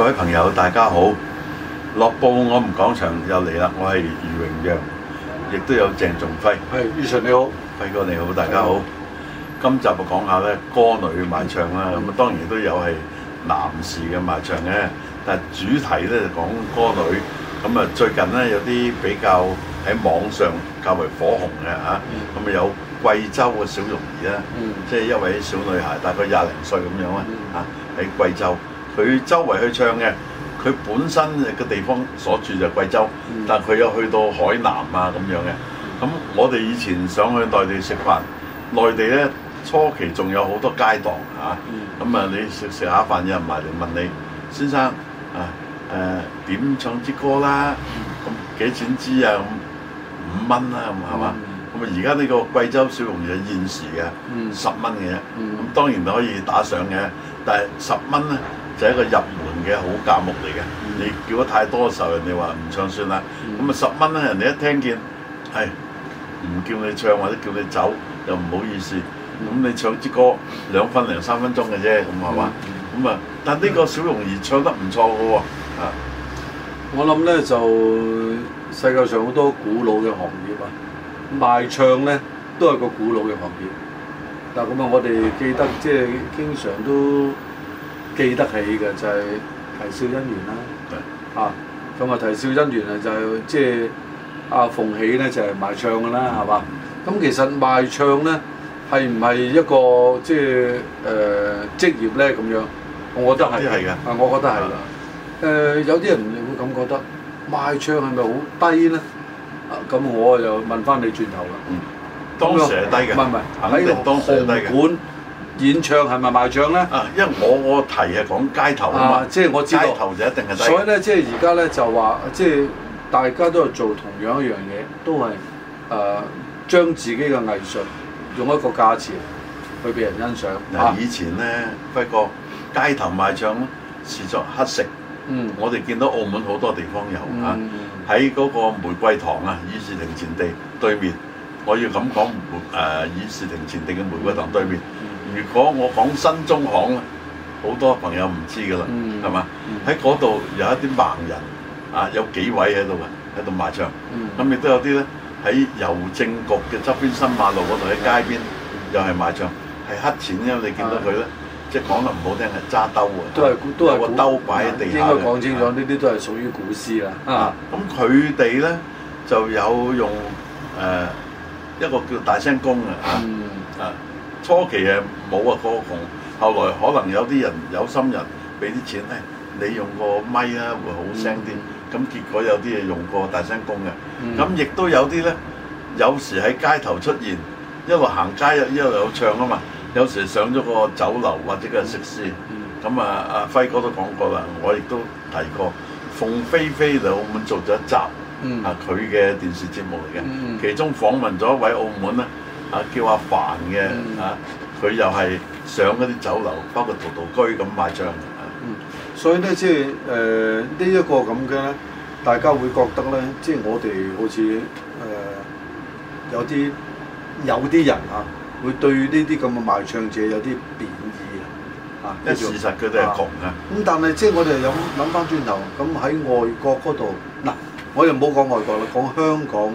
各位朋友，大家好！樂報我們講場又嚟啦，我係余榮陽，亦都有鄭仲輝。係，余晨你好，輝哥你好，大家好。的今集就講下咧歌女嘅賣唱啦，咁啊、嗯、當然都有係男士嘅賣唱嘅，但係主題咧就講歌女。咁啊最近咧有啲比較喺網上較為火紅嘅嚇，咁啊有貴州嘅小容兒啦，即係、嗯、一位小女孩，大概廿零歲咁樣啊，喺貴州。佢周圍去唱嘅，佢本身嘅地方所住就貴州，嗯、但係佢又去到海南啊咁樣嘅。咁我哋以前想去內地食飯，內地咧初期仲有好多街檔嚇，咁啊、嗯嗯、你食食下飯有人埋嚟問你先生啊誒點、呃、唱支歌啦？咁幾錢支啊？五蚊啦咁係嘛？咁啊而家呢個貴州小龍嘢現時嘅、嗯、十蚊嘅啫，咁當然可以打賞嘅，但係十蚊咧。就係一個入門嘅好項目嚟嘅，你叫得太多嘅時候，人哋話唔唱算啦。咁啊十蚊咧，人哋一聽見係唔叫你唱或者叫你走，又唔好意思。咁你唱支歌兩分零三分鐘嘅啫，咁係嘛？咁啊、嗯，嗯嗯、但呢個小容兒唱得唔錯嘅喎。啊、嗯，我諗咧就世界上好多古老嘅行業啊，賣唱咧都係個古老嘅行業。但係，咁啊，我哋記得即係經常都。記得起嘅就係，是，啼笑姻緣啦，嚇咁的啊，啼笑姻緣，就是，啊就係即係阿鳳喜咧就係賣唱啦，係嘛，嗯？咁其實賣唱咧係唔係一個即係誒職業咧咁樣？我覺得係，啊的我覺得係，誒的、呃、有啲人會咁覺得賣唱係咪好低咧？啊咁我又問翻你轉頭啦，嗯，當時係低嘅，唔係唔係，肯定當時低嘅。演唱係咪賣唱咧？啊，因為我我提係講街頭啊嘛，啊即係我知道街頭就一定係。所以咧，即係而家咧就話，即係大家都係做同樣一樣嘢，都係誒、呃、將自己嘅藝術用一個價錢去俾人欣賞。嗱、啊，以前咧不過街頭賣唱是作乞食。嗯，我哋見到澳門好多地方有、嗯、啊，喺嗰個玫瑰堂啊，議事亭前地對面，我要咁講，誒議事亭前地嘅玫瑰堂對面。如果我講新中行啦，好多朋友唔知噶啦，係嘛？喺嗰度有一啲盲人啊，有幾位喺度嘅喺度賣唱，咁亦都有啲咧喺郵政局嘅側邊新馬路嗰度喺街邊又係賣唱，係黑錢啊！你見到佢咧，即係講得唔好聽係揸兜啊！都係都係個兜擺喺地下。應該講清楚，呢啲都係屬於古詩啦。啊，咁佢哋咧就有用誒一個叫大聲公啊。嗯啊。初期係冇啊歌紅，後來可能有啲人有心人俾啲錢誒、哎，你用個咪啦會好聲啲，咁、mm hmm. 結果有啲嘢用過大聲公嘅，咁亦都有啲咧，有時喺街頭出現一路行街一路有唱啊嘛，有時上咗個酒樓或者個食肆，咁、mm hmm. 啊阿輝哥都講過啦，我亦都提過鳳飛飛嚟澳門做咗一集啊，佢嘅、mm hmm. 電視節目嚟嘅，其中訪問咗一位澳門咧。嗯、啊，叫阿凡嘅啊，佢又係上嗰啲酒樓，包括陶陶居咁賣唱。嗯，所以咧、就是，即係誒呢一個咁嘅咧，大家會覺得咧，即、就、係、是、我哋好似誒、呃、有啲有啲人啊，會對呢啲咁嘅賣唱者有啲偏見啊。啊，因為事實佢哋係窮嘅。咁但係即係我哋又諗翻轉頭，咁喺外國嗰度嗱，我又唔好講外國啦，講香港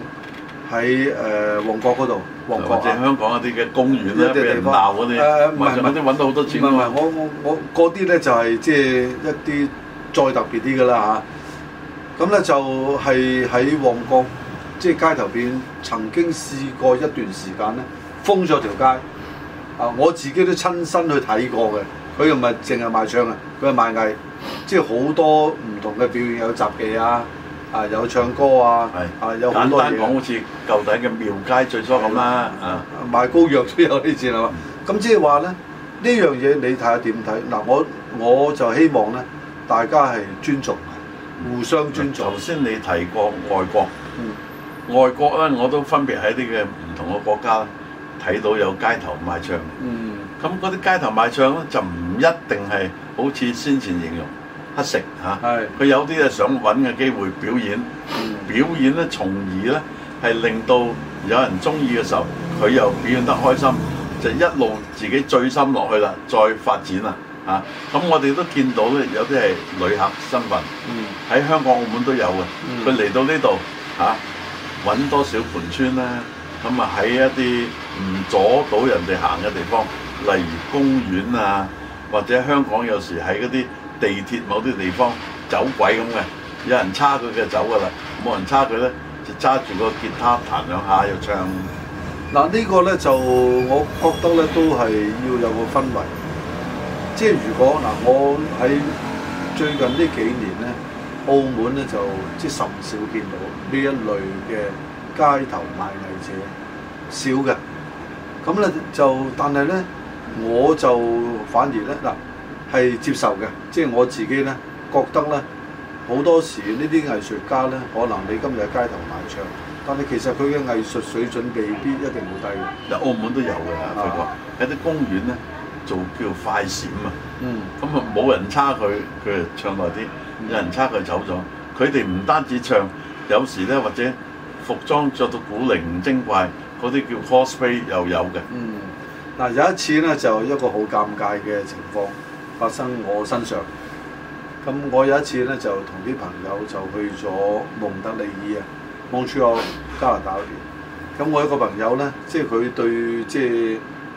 喺誒旺角嗰度。呃旺角啊！即係香港嗰啲嘅公園咧，俾人鬧嗰啲，揾啲揾到好多錢。唔係唔係，我我我嗰啲咧就係即係一啲再特別啲嘅啦吓，咁咧就係喺旺角，即係街頭邊曾經試過一段時間咧封咗條街。啊，我自己都親身去睇過嘅。佢又唔係淨係賣唱啊，佢係賣藝，即係好多唔同嘅表演有雜技啊。啊！有唱歌啊！簡單講，好似舊底嘅廟街最初咁啦。啊，賣膏藥都有呢次咯。咁即係話咧，呢樣嘢你睇下點睇？嗱，我我就希望咧，大家係尊重，互相尊重。頭先你提過外國，嗯、外國咧我都分別喺啲嘅唔同嘅國家睇到有街頭賣唱。嗯。咁嗰啲街頭賣唱咧就唔一定係好似先前形容，乞食嚇，佢有啲啊想揾嘅機會表演，表演咧，從而咧係令到有人中意嘅時候，佢又表演得開心，就一路自己醉心落去啦，再發展啦嚇。咁我哋都見到咧，有啲係旅客身份，喺香港、澳門都有嘅。佢嚟到呢度嚇，揾多少盤纏咧，咁啊喺一啲唔阻到人哋行嘅地方，例如公園啊，或者香港有時喺嗰啲。地鐵某啲地方走鬼咁嘅，有人叉佢嘅走㗎啦，冇人叉佢咧就揸住個吉他彈兩下又唱。嗱、嗯這個、呢個咧就我覺得咧都係要有個氛圍。即係如果嗱，我喺最近呢幾年咧，澳門咧就即係甚少見到呢一類嘅街頭賣藝者少嘅。咁咧就但係咧我就反而咧嗱。係接受嘅，即係我自己呢，覺得呢，好多時呢啲藝術家呢，可能你今日喺街頭賣唱，但係其實佢嘅藝術水準未必一定好低嘅。澳門都有嘅，佢個喺啲公園呢，做叫快閃啊。嗯。咁啊冇人差佢，佢就唱耐啲；有人差佢走咗。佢哋唔單止唱，有時呢，或者服裝着到古靈精怪，嗰啲叫 cosplay 又有嘅。嗯。嗱、嗯啊、有一次呢，就一個好尷尬嘅情況。發生我身上，咁我有一次呢，就同啲朋友就去咗蒙，蒙特利爾啊，望住我加拿大嗰邊。咁我一個朋友呢，即係佢對即係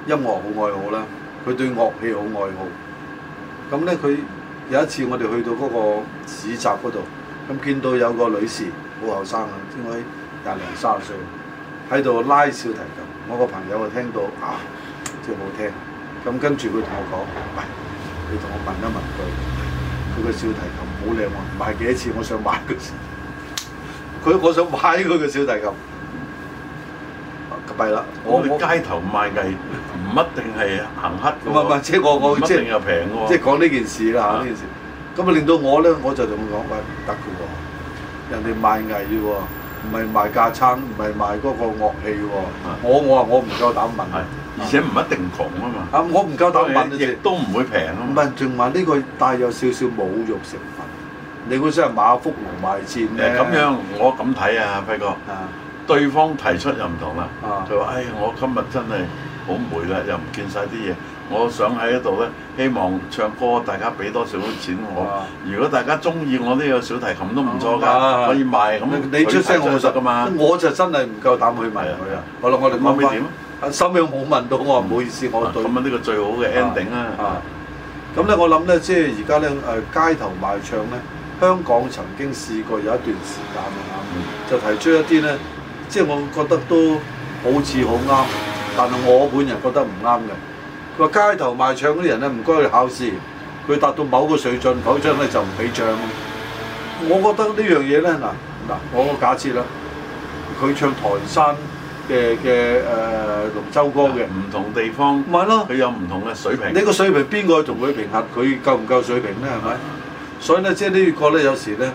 音樂好愛好啦，佢對樂器好愛好。咁呢，佢有一次我哋去到嗰個市集嗰度，咁見到有個女士好後生啊，應該廿零卅歲，喺度拉小提琴。我個朋友就聽到啊，真係好聽。咁跟住佢同我講。哎你同我問一問佢，佢個小提琴好靚喎，買幾多錢？我想買佢，佢我想買佢個小提琴。弊啦、 啊，我我街頭賣藝唔一定係行乞。唔係唔係，即係我我即係平即係講呢件事啦，呢、就是、件事。咁啊令到我咧，我就同佢講喂，唔得嘅喎，人哋賣藝嘅喎，唔係賣架撐，唔係賣嗰個樂器喎的。我我話我唔夠膽問。而且唔一定窮啊嘛！啊，我唔夠膽問。亦都唔會平咯。唔係、啊，仲話呢個帶有少少侮辱成分。啊、你會想馬福龍賣線咧？咁樣我咁睇啊，輝哥。啊，對方提出又唔同啦。佢話、啊：哎，我今日真係好霉啦，又唔見晒啲嘢。」我想喺呢度咧，希望唱歌大家俾多少錢我。啊、如果大家中意我呢個小提琴都唔錯噶，可以賣可以、啊。咁你出聲我實噶嘛。我就真係唔夠膽去賣啊！好啦，我哋講咩點啊？收尾冇問到我，唔好意思，啊、我最咁樣呢個最好嘅 ending 啦。咁咧，我諗咧，即係而家咧誒，街頭賣唱咧，香港曾經試過有一段時間啊，嗯、就提出一啲咧，即係我覺得都好似好啱，嗯、但係我本人覺得唔啱嘅。話街頭賣唱嗰啲人咧，唔該去考試，佢達到某個水準，否則咧就唔俾唱。我覺得呢樣嘢咧，嗱嗱，我假設啦，佢唱台山嘅嘅誒龍舟歌嘅，唔同地方唔係咯，佢有唔同嘅水平。你個水平邊個同佢評核？佢夠唔夠水平咧？係咪？所以咧，即係呢個咧，有時咧，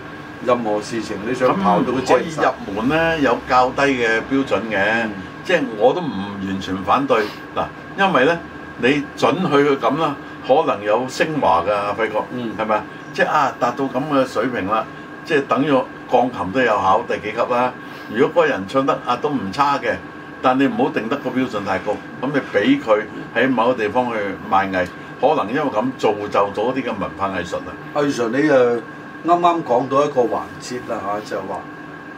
任何事情你想跑到佢正，入門咧，有較低嘅標準嘅，即係、嗯、我都唔完全反對嗱，因為咧。你准許佢咁啦，可能有升華㗎、啊，輝哥，嗯，係咪？即係啊，達到咁嘅水平啦，即係等於鋼琴都有考第幾級啦。如果嗰個人唱得啊都唔差嘅，但你唔好定得個標準太高，咁你俾佢喺某個地方去賣藝，可能因為咁造就咗啲嘅文化藝術 Sir，啊。阿 Sir，你啊啱啱講到一個環節啦嚇、啊，就係、係、話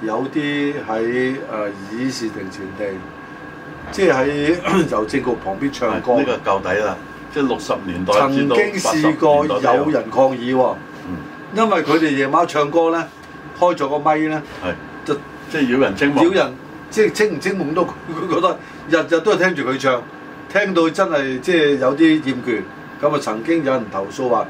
有啲喺誒議事亭前地。即係喺郵政局旁邊唱歌，呢、這個夠底啦！即係六十年代，曾經試過有人抗議喎、哦，嗯、因為佢哋夜晚唱歌咧，開咗個咪咧，是就即係擾人清夢。擾人即係清唔清夢都，佢覺得日日都聽住佢唱，聽到真係即係有啲厭倦。咁啊，曾經有人投訴話，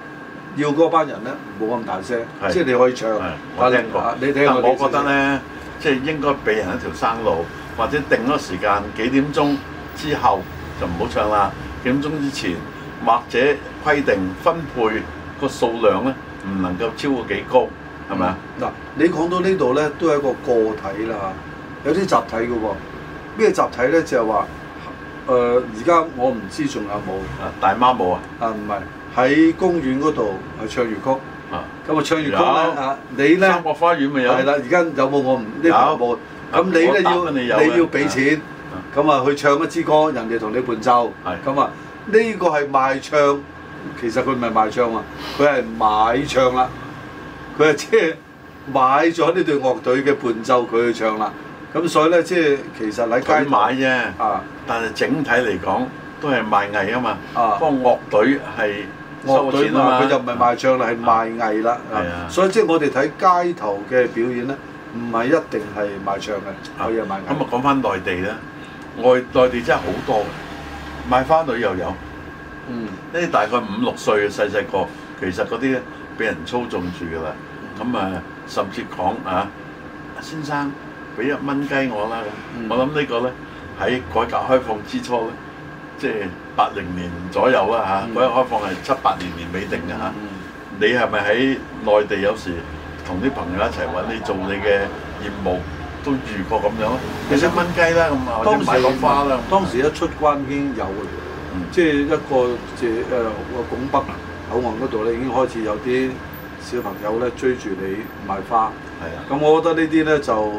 要嗰班人咧冇咁大聲，是即係你可以唱。我聽過，但係你我覺得咧，即係應該俾人一條生路。或者定咗個時間幾點鐘之後就唔好唱啦，幾點鐘之、之前或者規定分配個數量咧，唔能夠超過幾高，係咪啊？嗱，你講到呢度咧，都係一個個體啦，有啲集體嘅喎、哦。咩集體咧？就係話誒，而、呃、家我唔知仲有冇啊？大媽舞啊？啊唔係，喺公園嗰度係唱粵曲啊。咁啊，啊我唱粵曲啦嚇有、啊，你咧？三角花園咪有？係啦，而家有冇我唔呢排有冇？有咁你咧要你要俾錢，咁啊去唱一支歌，人哋同你伴奏係，咁啊呢個係賣唱，其實佢唔係賣唱啊，佢係買唱啦，佢係即係買咗呢隊樂隊嘅伴奏，佢去唱啦。咁所以咧，即係其實喺街買啫，但係整體嚟講都係賣藝啊嘛。幫樂隊係收錢啊嘛，佢就唔係賣唱啦，係賣藝啦。所以即係我哋睇街頭嘅表演咧。唔係一定係賣唱嘅，咁啊講翻內地啦，外內地真係好多嘅，賣花女又有，嗯，呢啲大概五六歲細細個，其實嗰啲咧俾人操縱住㗎啦，咁、嗯、啊甚至講啊，先生俾一蚊雞我啦，嗯、我諗呢個咧喺改革開放之初咧，即係八零年左右啦嚇、嗯啊，改革開放係七八年年尾定嘅嚇、啊，你係咪喺內地有時？同啲朋友一齊揾你做你嘅業務，都遇過咁樣，嗯、幾十蚊雞啦咁啊，或者買朵花啦。當時，嗯、當時一出關已經有，即、就、係、是、一個即係誒拱北口岸嗰度咧已經開始有啲小朋友咧追住你買花。係啊，咁我覺得呢啲咧就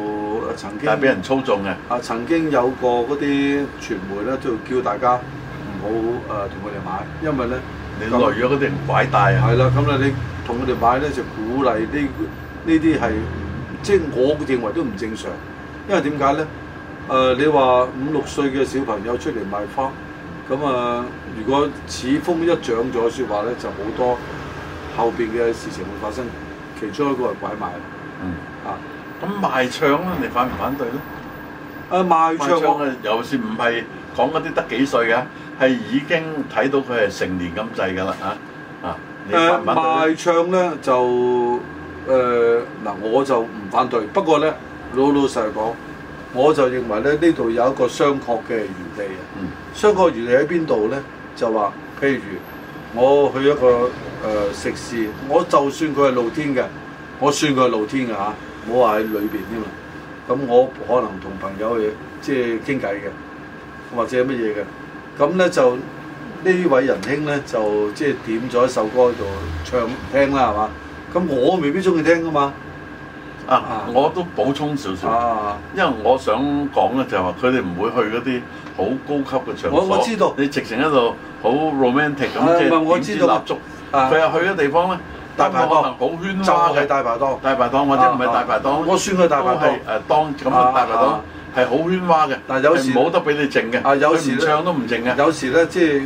曾經，但係俾人操縱嘅。啊，曾經有過嗰啲傳媒咧，就要叫大家唔好誒同佢哋買，因為咧你來咗嗰啲唔偉大。係啦，咁咧你。同佢哋買咧就鼓勵呢呢啲係，即係我認為都唔正常，因為點解咧？誒、呃，你話五六歲嘅小朋友出嚟賣花，咁、呃、啊，如果此風一長咗，説話咧就好多後邊嘅事情會發生，其中一個係拐賣。嗯。啊，咁賣唱咧，你反唔反對咧？誒，賣唱啊，尤其是唔係講嗰啲得幾歲嘅，係已經睇到佢係成年咁滯噶啦，啊！誒、嗯、賣唱呢，就誒嗱、呃，我就唔反對。不過呢，老老實講，我就認為咧呢度有一個商榷嘅餘地啊。嗯、商榷餘地喺邊度呢？就話譬如我去一個誒、呃、食肆，我就算佢係露天嘅，我算佢係露天㗎嚇。唔好話喺裏邊㗎嘛。咁我可能同朋友嘅即係傾偈嘅，或者乜嘢嘅，咁呢就。呢位仁兄咧就即係點咗一首歌喺度唱聽啦，係嘛？咁我未必中意聽噶嘛，啊我都補充少少，因為我想講咧就係話佢哋唔會去嗰啲好高級嘅場所。我我知道。你直情喺度好 romantic 咁，即係我知道。佢又去嘅地方咧，大排檔，好喧嘩嘅大排檔，大排檔或者唔係大排檔，我算佢大排檔，誒當咁大排檔，係好喧嘩嘅。但係有時冇得俾你靜嘅。啊，有時唱都唔靜嘅。有時咧，即係。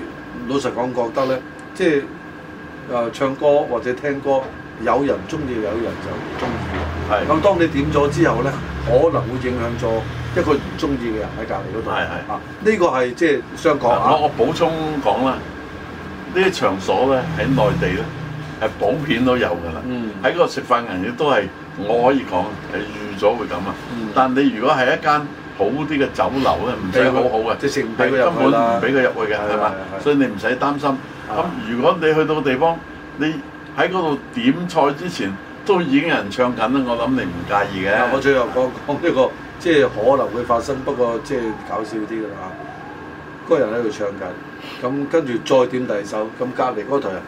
老實講，覺得咧，即係誒、呃、唱歌或者聽歌，有人中意，有人就唔中意。係是。咁當你點咗之後咧，可能會影響咗一個唔中意嘅人喺隔離嗰度。係係是。啊，呢、這個係即係想講。我我補充講啦，呢啲場所咧喺內地咧係普遍都有㗎啦。喺、嗯、個食飯人亦都係我可以講係預咗會咁啊。嗯、但你如果係一間，好啲嘅酒樓咧，唔使好好嘅，即係根本唔俾佢入去嘅，係嘛？所以你唔使擔心。咁是、啊、如果你去到個地方，你喺嗰度點菜之前，都已經有人唱緊啦。我諗你唔介意嘅、啊。我最後講講呢個，即係可能會發生，不過即係搞笑啲啦。啊，嗰人喺度唱緊，咁跟住再點第二首，咁隔離嗰台人，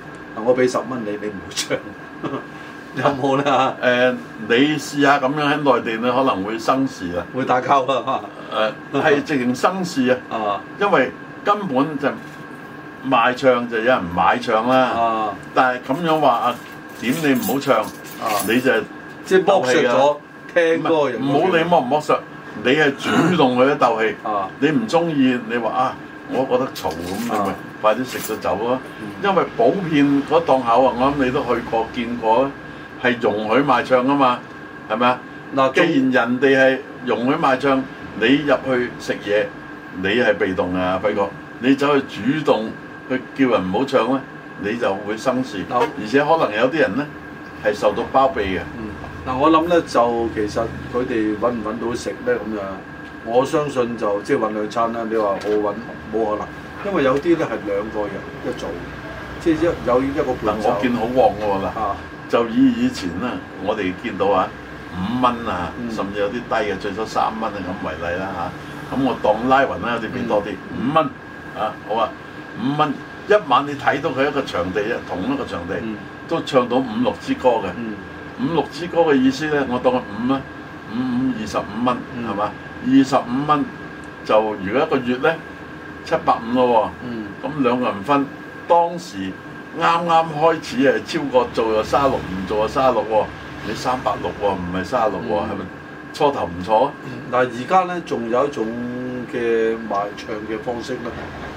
我俾十蚊你，你唔好唱。 有冇啦？誒，你試下咁樣喺內地你可能會生事啊，會打交啦！誒，係直情生事啊！啊，因為根本就賣唱就有人買唱啦。啊，但係咁樣話啊，點你唔好唱？啊，你就係即係剝削咗聽歌人。唔好你剝唔剝削，你係主動去鬥氣。啊，你唔中意你話啊，我覺得嘈咁，你咪快啲食咗走咯。因為普遍嗰檔口啊，我諗你都去過見過啊。係容許賣唱啊嘛，係咪啊？嗱，既然人哋係容許賣唱，你入去食嘢，你係被動啊，輝哥。你走去主動去叫人唔好唱咧，你就會生事。而且可能有啲人咧係受到包庇嘅。嗱、嗯嗯，我諗咧就其實佢哋揾唔揾到食咧咁樣，我相信就即係揾兩餐啦。你話我揾冇可能，因為有啲咧係兩個人一組，即係一有一個伴奏、嗯。我見好旺喎嗱。啊就以以前啦，我哋見到啊，五蚊啊，甚至有啲低嘅，最少三蚊啊咁為例啦、啊、嚇。咁、啊、我當拉勻啦、啊，有啲俾多啲、嗯、五蚊啊，好啊，五蚊一晚你睇到佢一個場地啫，同一個場地都唱到五六支歌嘅，嗯、五六支歌嘅意思咧，我當佢五蚊，五五二十五蚊，係嘛、嗯？二十五蚊就如果一個月咧七百五咯喎、哦，咁、嗯、兩個人分當時。啱啱開始誒，超過36，做又卅六，唔做又卅六喎。你三百六喎，唔係卅六喎，係咪初頭唔錯？但係而家呢，仲有一種嘅賣唱嘅方式咧，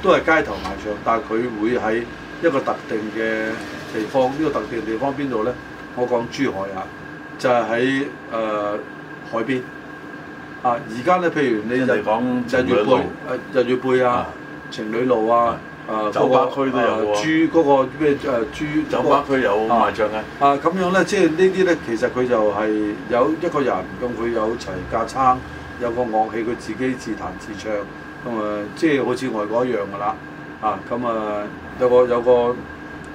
都係街頭賣唱，但係佢會喺一個特定嘅地方。呢、呢個特定嘅地方邊度呢？我講珠海啊，就係喺誒海邊啊。而家呢，譬如你日日月貝，日月貝啊，的情侶路啊。啊！酒吧區都有、啊豬那個喎嗰個咩？誒，G、啊、酒吧區有賣唱嘅。啊，咁樣咧，即係呢啲咧，其實佢就係有一個人，咁佢有齊架撐，有個樂器，佢自己自彈自唱。咁、嗯、啊，即係好似外國一樣㗎啦。啊，咁、嗯、啊，有個有個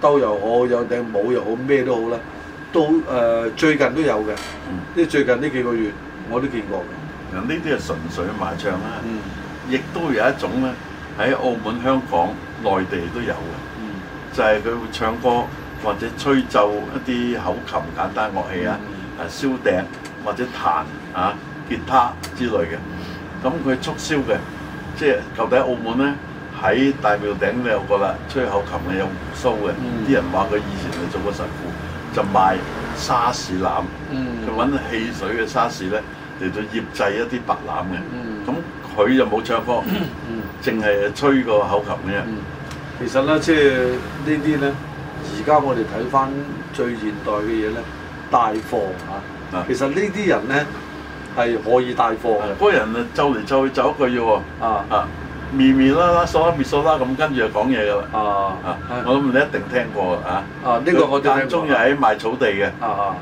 兜又好，有頂帽又好，咩都好啦。都誒、呃，最近都有嘅。即係最近呢幾個月，我都見過嘅。嗱、嗯，呢啲係純粹賣唱啦。嗯。亦都有一種咧，喺澳門香港。嗯內地都有嘅，就係、是、佢會唱歌或者吹奏一啲口琴簡單樂器、嗯、啊，啊燒笛或者彈啊吉他之類嘅。咁佢促銷嘅，即係舊底澳門咧，喺大廟頂你有個啦，吹口琴你有鬍鬚嘅，啲、嗯、人話佢以前係做過神父，就賣沙士欖，佢揾、嗯、汽水嘅沙士咧嚟到醃製一啲白欖嘅。咁佢就冇唱歌。嗯嗯嗯。淨係吹個口琴嘅啫。其實咧，即係呢啲咧，而家我哋睇翻最現代嘅嘢咧，帶貨嚇。其實呢啲人咧係可以帶貨嘅。嗰人啊，走嚟走去走一個要喎。啊啊，面面啦啦，數一面數啦，咁跟住就講嘢噶啦。啊啊，我諗你一定聽過啊。啊，呢個我哋中又喺賣草地嘅。啊啊，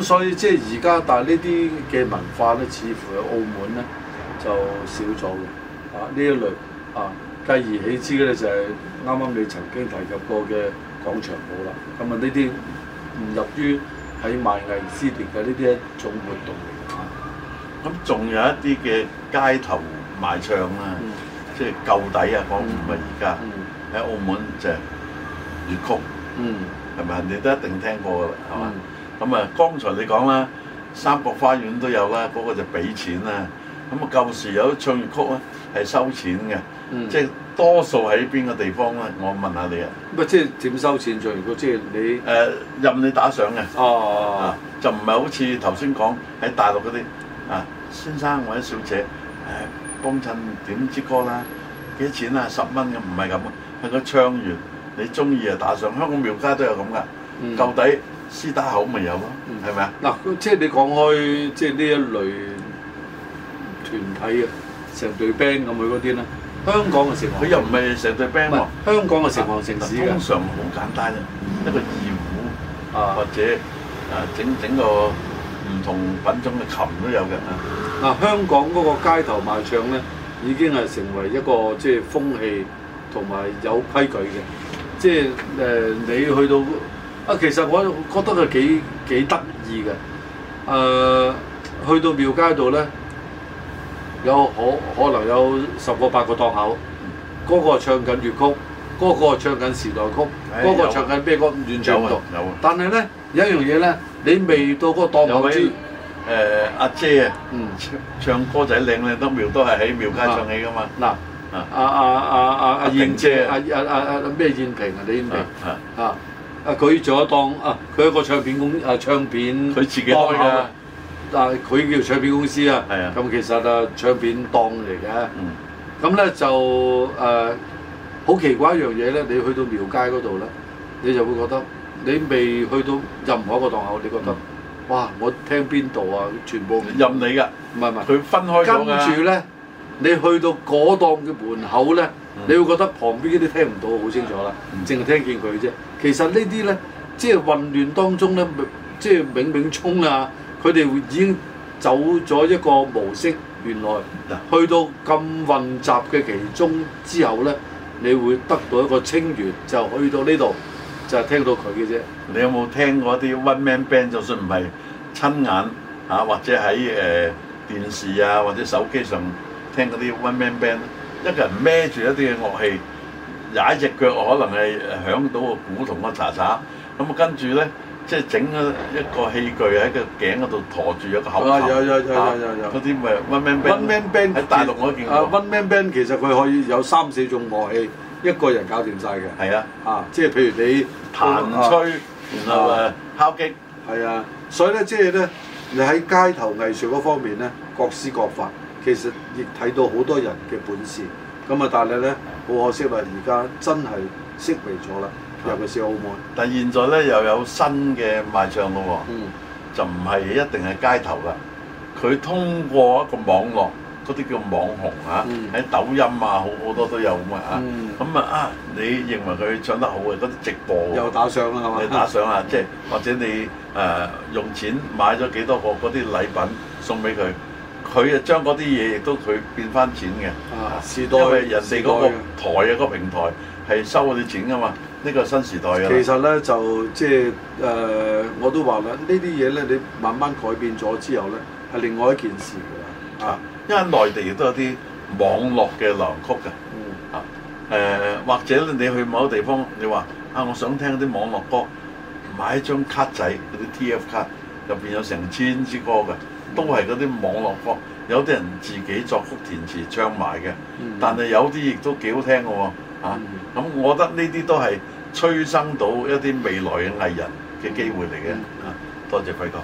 咁所以即係而家，但係呢啲嘅文化咧，似乎喺澳門咧就少咗嘅。啊，呢一類。啊，繼而起之嘅咧就係啱啱你曾經提及過嘅廣場舞啦。咁啊呢啲唔入於喺賣藝之列嘅呢啲一種活動嚟嘅。咁仲、嗯、有一啲嘅街頭賣唱啦，嗯、即係舊底啊講唔係而家喺澳門就係粵曲，係咪、嗯？你都一定聽過㗎啦，係嘛？咁啊、嗯，嗯、剛才你講啦，三角花園都有啦，嗰、那個就俾錢啦。咁啊，舊時有啲唱粵曲咧，係收錢嘅，嗯、即係多數喺邊個地方咧？我問下你啊。咁啊、嗯，即係點收錢唱，如果即係你誒、呃、任你打賞嘅、哦。哦，啊、就唔係好似頭先講喺大陸嗰啲啊，先生或者小姐幫襯點支歌啦，幾錢啊？十蚊嘅唔係咁，係佢唱完你中意就打賞。香港廟街都有咁噶，舊、嗯、底私打口咪有咯，係咪、嗯、啊？嗱，即係你講開即係呢一類。團體啊，成隊 band 咁佢嗰啲咧，香港嘅情況，佢又唔係成隊 band 喎。香港嘅情況，城市通常好簡單、嗯、啊。一個二胡啊，或者啊整整個唔同品種嘅琴都有嘅。嗱、啊，香港嗰個街頭賣唱咧，已經係成為一個即係、就是、風氣同埋有，有規矩嘅，即係誒你去到啊，其實我覺得佢幾幾得意嘅。誒、呃，去到廟街度咧。有可可能有十個八個檔口，嗰、嗯、個唱緊粵曲，嗰個唱緊時代曲，嗰個唱緊咩歌？完全、哎、有。有。但係咧有一樣嘢咧，嗯、你未到個檔口位。誒、呃、阿姐啊，嗯，唱唱歌仔靚靚得妙，靈靈都係喺廟街唱起噶嘛。嗱、啊，阿阿阿阿阿燕姐，阿阿阿咩燕平啊，李燕平啊，啊，啊，佢做一檔啊，佢一個唱片公，誒唱片佢、啊、自己開㗎。但係佢叫唱片公司啊，咁的其實啊唱片檔嚟嘅，咁咧、嗯、就誒好、呃、奇怪一樣嘢咧，你去到廟街嗰度咧，你就會覺得你未去到任何一個檔口，嗯、你覺得哇！我聽邊度啊？全部任你㗎，唔係唔係，佢分開咗，跟住咧，你去到嗰檔嘅門口咧，嗯、你會覺得旁邊啲都聽唔到，好清楚啦，淨係、嗯、聽見佢啫。其實呢啲咧，即係混亂當中咧，即係冥冥中啊！佢哋會已經走咗一個模式，原來去到咁混雜嘅其中之後咧，你會得到一個清源，就去到呢度就係聽到佢嘅啫。你有冇聽過啲 one man band 就算唔係親眼嚇，或者喺誒電視啊或者手機上聽嗰啲 one man band，一個人孭住一啲嘅樂器，踩一隻腳可能係響到個鼓同個茶茶，咁啊跟住咧。即係整個一個器具喺個頸嗰度駝住一個口、啊、有有有有有，嗰啲咩 One Man Band，One Man Band 喺 大陸我都見過。啊，One Man, Man Band 其實佢可以有三四種樂器，一個人搞掂晒嘅。係啊，啊，即係譬如你彈吹，啊、然後誒敲擊。係 啊，所以咧，即係咧，你喺街頭藝術嗰方面咧，各施各法，其實亦睇到好多人嘅本事。咁啊，但係咧，好可惜啦，而家真係式微咗啦。尤其是澳門，嗯、但係現在咧又有新嘅賣唱咯喎、哦，嗯、就唔係一定係街頭噶，佢通過一個網絡，嗰啲叫網紅嚇、啊，喺、嗯、抖音啊，好好多都有咁啊嚇，咁啊、嗯、啊，你認為佢唱得好嘅嗰啲直播，又打賞啦係嘛，你打賞啊，即係或者你誒、呃、用錢買咗幾多個嗰啲禮品送俾佢。佢啊，將嗰啲嘢亦都佢變翻錢嘅。時代人哋嗰個台啊，個平台係收嗰啲錢噶嘛。呢個係新時代啊，的的這個、代其實咧就即係誒，我都話啦，呢啲嘢咧你慢慢改變咗之後咧，係另外一件事㗎啊，因為內地亦都有啲網絡嘅流行曲嘅。嗯、啊誒，或者你去某個地方，你話啊，我想聽啲網絡歌，買一張卡仔嗰啲 TF 卡，入邊有成千支歌㗎。都係嗰啲網絡歌，有啲人自己作曲填詞唱埋嘅，但係有啲亦都幾好聽㗎喎，咁、啊、我覺得呢啲都係催生到一啲未來嘅藝人嘅機會嚟嘅，啊，多謝輝哥。